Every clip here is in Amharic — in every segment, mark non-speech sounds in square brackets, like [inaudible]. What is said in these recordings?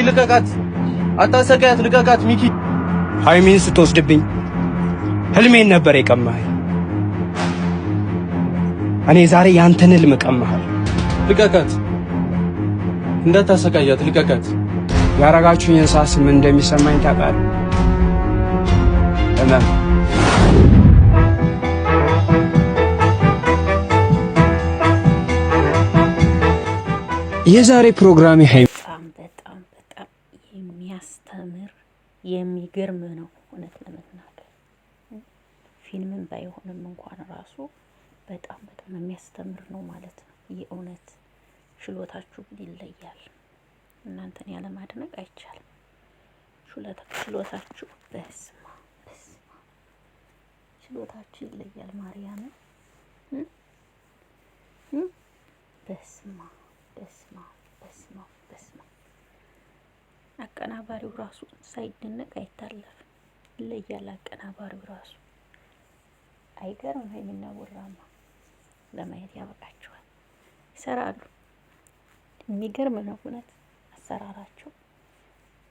ሚኪ ልቀቃት፣ አታሰቃያት፣ ልቀቃት፣ አታሰቃያት፣ ልቀቃት ሚኪ። ሀይሚን ስትወስድብኝ ህልሜን ነበር የቀማህ። እኔ ዛሬ ያንተን ህልም ቀማሃል። ልቀቃት፣ እንዳታሰቃያት፣ ልቀቃት። ያረጋችሁኝ እንስሳት ምን እንደሚሰማኝ ታውቃለህ? እመም የዛሬ ፕሮግራም ፕሮግራሜ የሚገርም ነው። እውነት ለመናገር ፊልምን ባይሆንም እንኳን ራሱ በጣም በጣም የሚያስተምር ነው ማለት ነው። የእውነት ችሎታችሁ ግን ይለያል። እናንተን ያለማድነቅ አይቻልም። ችሎታችሁ በስማ በስማ ችሎታችሁ ይለያል። ማርያምን በስማ በስማ በስማ በስማ አቀናባሪው ራሱ ሳይደነቅ አይታለፍም። ለያለ አቀናባሪው ራሱ አይገርም። ሀይሚና ቦራማ ለማየት ያበቃቸዋል። ይሰራሉ። የሚገርም ነው እውነት አሰራራቸው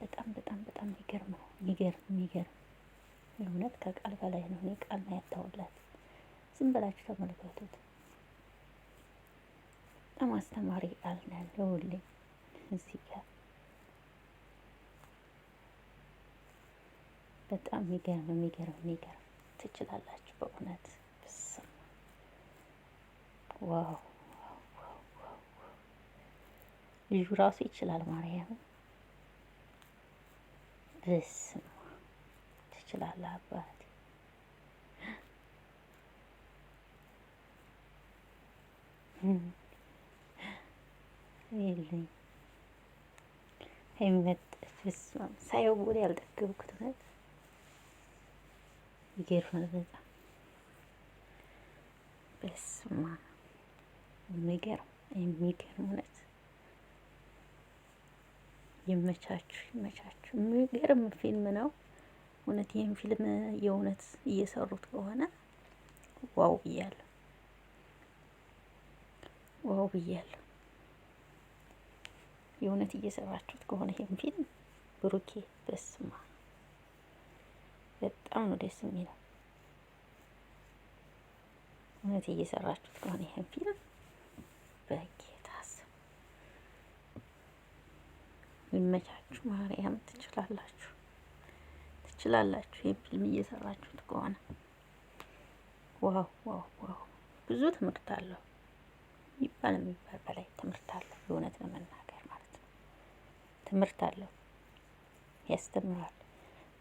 በጣም በጣም በጣም የሚገርም ነው። የሚገርም የሚገርም እውነት ከቃል በላይ ነው። እኔ ቃል ነው ያታውላት። ዝም ብላችሁ ተመልከቱት። በጣም አስተማሪ ቃል ነው እዚህ ጋር በጣም የሚገርም የሚገርም የሚገርም ትችላላችሁ። በእውነት ብስም ዋው! ልጁ ራሱ ይችላል። ማርያም ብስም ትችላለህ አባት ይልኝ ይመጣ ብስም ሳይወድ ያልጠገብኩት እውነት ይገርማል። በጣም በስማ የሚገርም የሚገርም እውነት ይመቻችሁ፣ ይመቻችሁ። የሚገርም ፊልም ነው እውነት። ይህን ፊልም የእውነት እየሰሩት ከሆነ ዋው ብያለሁ፣ ዋው ብያለሁ። የእውነት እየሰራችሁት ከሆነ ይህን ፊልም ብሩኬ በስማ በጣም ነው ደስ የሚለው። እውነት እየሰራችሁት ከሆነ ይህን ፊልም በጌታስ ይመቻችሁ። ማርያም ትችላላችሁ፣ ትችላላችሁ። ይህን ፊልም እየሰራችሁት ከሆነ ዋው ዋው ዋው! ብዙ ትምህርት አለው ይባል የሚባል በላይ ትምህርት አለው። የእውነት ለመናገር ማለት ነው ትምህርት አለው፣ ያስተምራል።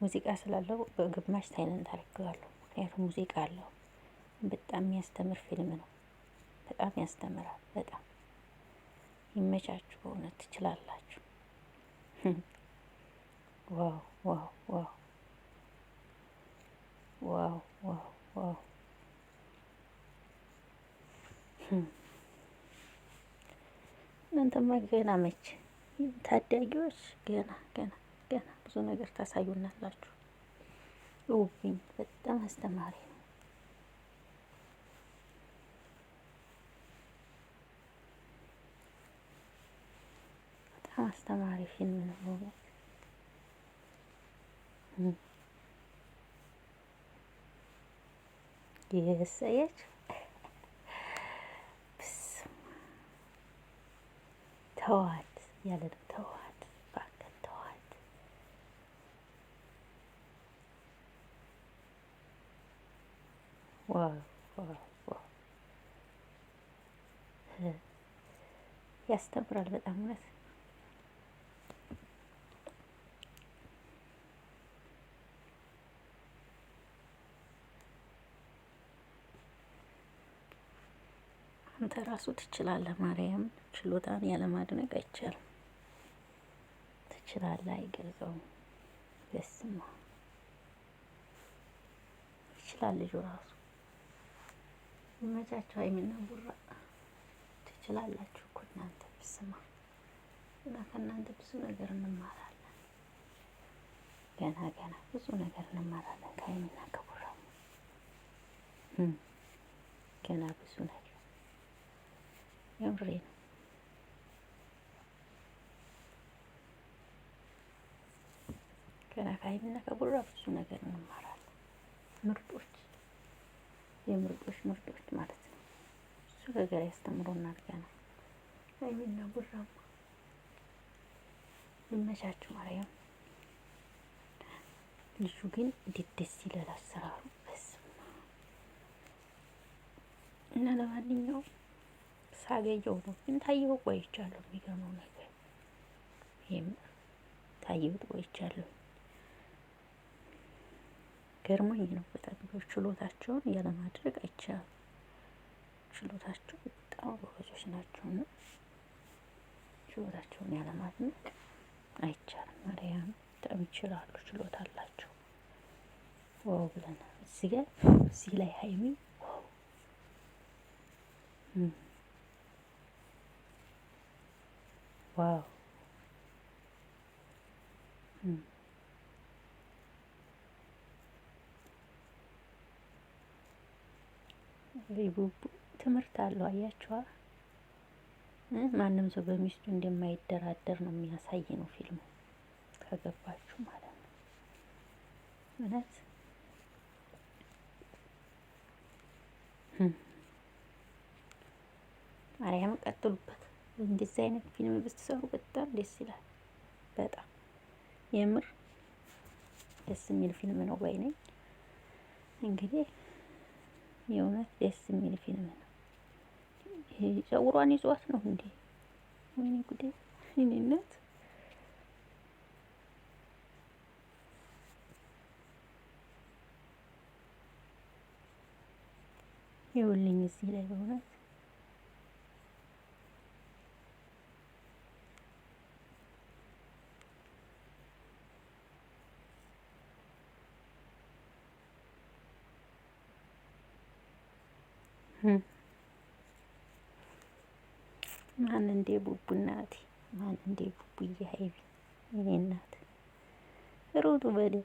ሙዚቃ ስላለው በግማሽ ታይነን አደርገዋለሁ። ምክንያቱም ሙዚቃ አለው። በጣም የሚያስተምር ፊልም ነው። በጣም ያስተምራል። በጣም ይመቻችሁ። በእውነት ትችላላችሁ። [laughs] ዋው ዋው ዋው ዋው ዋው ዋው [laughs] እናንተማ ገና መቼ ታዳጊዎች ገና ገና ገና ብዙ ነገር ታሳዩናላችሁ። ውብኝ በጣም አስተማሪ ነው። በጣም አስተማሪ ፊልም ነው። የሰየች ተዋት ያለ ነው። ተዋት ያስተምራል በጣም እውነት። አንተ ራሱ ትችላለህ። ማርያም ችሎታን ያለማድነቅ አይቻልም። ትችላለህ፣ አይገልጸውም። በስማ ይችላል ልጁ ራሱ ይመቻቸው። ሀይሚና ቡራ ትችላላችሁ እኮ እናንተ ብስማ እና ከእናንተ ብዙ ነገር እንማራለን። ገና ገና ብዙ ነገር እንማራለን ከሀይሚና ከቡራ ገና ብዙ ነገር የምሬ ነው። ገና ከሀይሚና ከቡራ ብዙ ነገር እንማራለን። የምርጦች ምርጦች ማለት ነው። እሱ ከገር ነገር ያስተምሮናል። ነው አይሚና ቡራማ ይመቻችሁ ማለት ልጁ ግን እንዴት ደስ ይላል አሰራሩ እና ለማንኛውም ሳገኘው ነው ግን ታየው ቆይቻለሁ። የሚገርመው ነገር ይህም ታየው ቆይቻለሁ። የሚገርመኝ ነው። ወጣቶች ችሎታቸውን ያለማድረግ አይቻልም። ችሎታቸው በጣም ጎበዞች ናቸውና ችሎታቸውን ያለማድነቅ አይቻልም። ማርያም በጣም ይችላሉ፣ ችሎታ አላቸው። ዋው ብለን እዚህ ጋር እዚህ ላይ ሀይሚ ዋው ቡቡ ትምህርት አለው። አያችኋ? ማንም ሰው በሚስቱ እንደማይደራደር ነው የሚያሳይ ነው ፊልሙ፣ ከገባችሁ ማለት ነው። እውነት ማርያም፣ ቀጥሉበት። እንደዚህ አይነት ፊልም ብትሰሩ በጣም ደስ ይላል። በጣም የምር ደስ የሚል ፊልም ነው ባይነኝ እንግዲህ የእውነት ደስ የሚል ፊልም ነው። ይሄ ጸጉሯን ይዟት ነው እንዴ? ወይኔ ጉዴ! ይህንነት ይኸውልኝ እዚህ ላይ በእውነት Mana inni deemu bunnaati indee inni deemu buyya hayyi biyyi nnaa ta'e.